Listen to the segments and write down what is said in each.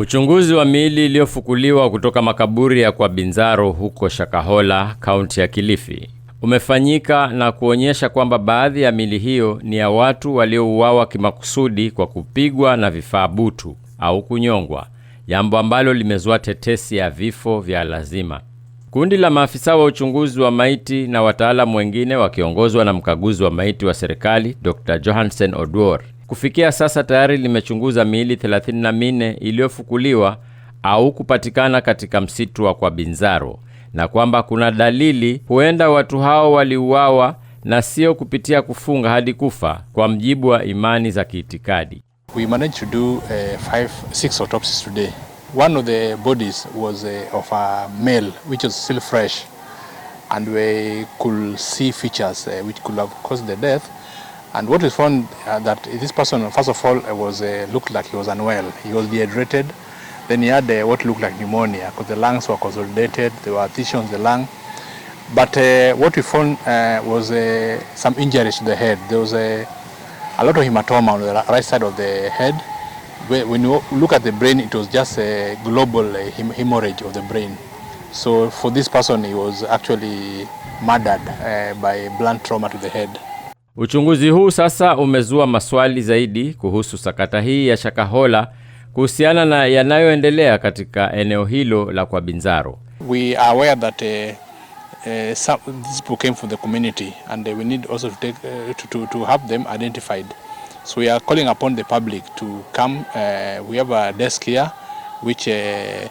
Uchunguzi wa miili iliyofukuliwa kutoka makaburi ya kwa Binzaro huko Shakahola, kaunti ya Kilifi umefanyika na kuonyesha kwamba baadhi ya miili hiyo ni ya watu waliouawa kimakusudi kwa kupigwa na vifaa butu au kunyongwa, jambo ambalo limezua tetesi ya vifo vya lazima. Kundi la maafisa wa uchunguzi wa maiti na wataalamu wengine wakiongozwa na mkaguzi wa maiti wa serikali Dr. Johansen Odwor Kufikia sasa tayari limechunguza miili 34 iliyofukuliwa au kupatikana katika msitu wa Kilimanjaro na kwamba kuna dalili huenda watu hao waliuawa na sio kupitia kufunga hadi kufa kwa mjibu wa imani za kiitikadi. We managed to do uh, five, six autopsies today. One of the bodies was uh, of a male which was still fresh and we could see features uh, which could have caused the death. And what we found uh, that this person, first of all, uh, was uh, looked like he was unwell. He was dehydrated. Then he had uh, what looked like pneumonia because the lungs were consolidated. There were artitions in the lung. But uh, what we found uh, was uh, some injuries to the head. There was a, uh, a lot of hematoma on the right side of the head. When you look at the brain, it was just a global uh, hemorrhage of the brain. So for this person, he was actually murdered uh, by blunt trauma to the head. Uchunguzi huu sasa umezua maswali zaidi kuhusu sakata hii ya Shakahola kuhusiana na yanayoendelea katika eneo hilo la Binzaro. We are aware that uh, uh, some people came from the community and we need also to take uh, to, to, have them identified. So we are calling upon the public to come uh, we have a desk here which uh,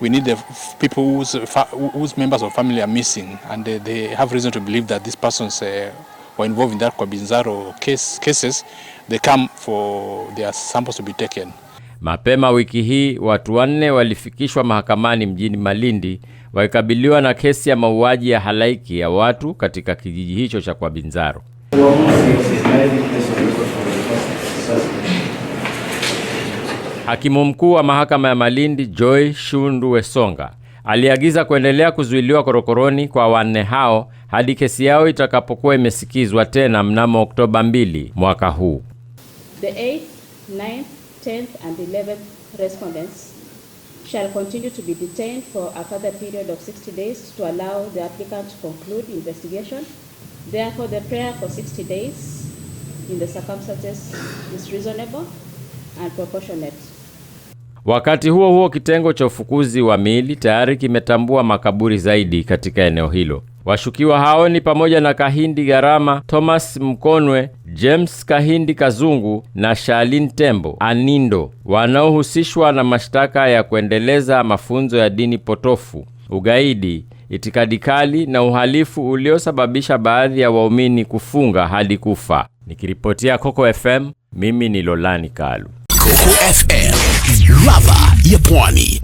we need the people whose, whose members of family are missing and they have reason to believe that these persons uh, were involved in that Kilimanjaro case, cases they come for their samples to be taken. Mapema wiki hii watu wanne walifikishwa mahakamani mjini Malindi wakikabiliwa na kesi ya mauaji ya halaiki ya watu katika kijiji hicho cha Kilimanjaro. Hakimu mkuu wa mahakama ya Malindi Joy Shundu Wesonga aliagiza kuendelea kuzuiliwa korokoroni kwa wanne hao hadi kesi yao itakapokuwa imesikizwa tena mnamo Oktoba 2 mwaka huu. The 8th, 9th, 10th and 11th respondents shall continue to be detained for a further period of 60 days to allow the applicant to conclude investigation. Therefore, the prayer for 60 days in the circumstances is reasonable and proportionate. Wakati huo huo, kitengo cha ufukuzi wa miili tayari kimetambua makaburi zaidi katika eneo hilo. Washukiwa hao ni pamoja na Kahindi Garama, Thomas Mkonwe, James Kahindi Kazungu na Shalin Tembo Anindo wanaohusishwa na mashtaka ya kuendeleza mafunzo ya dini potofu, ugaidi, itikadi kali na uhalifu uliosababisha baadhi ya waumini kufunga hadi kufa. Nikiripotia Coco FM, mimi ni Lolani Kalu. Coco FM, ladha ya pwani.